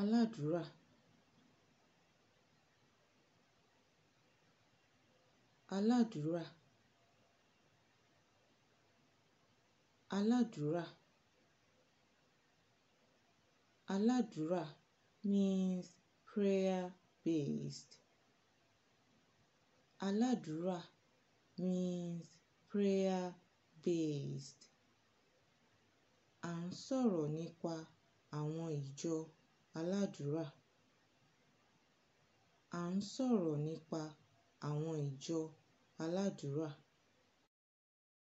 aládùúrà, aládùúrà, aládùúrà. Aládùúrà means prayer based. Aládùúrà means prayer based. À ń sọ̀rọ̀ nípa àwọn ìjọ aládùúrà. À ń sọ̀rọ̀ nípa àwọn ìjọ aládùúrà.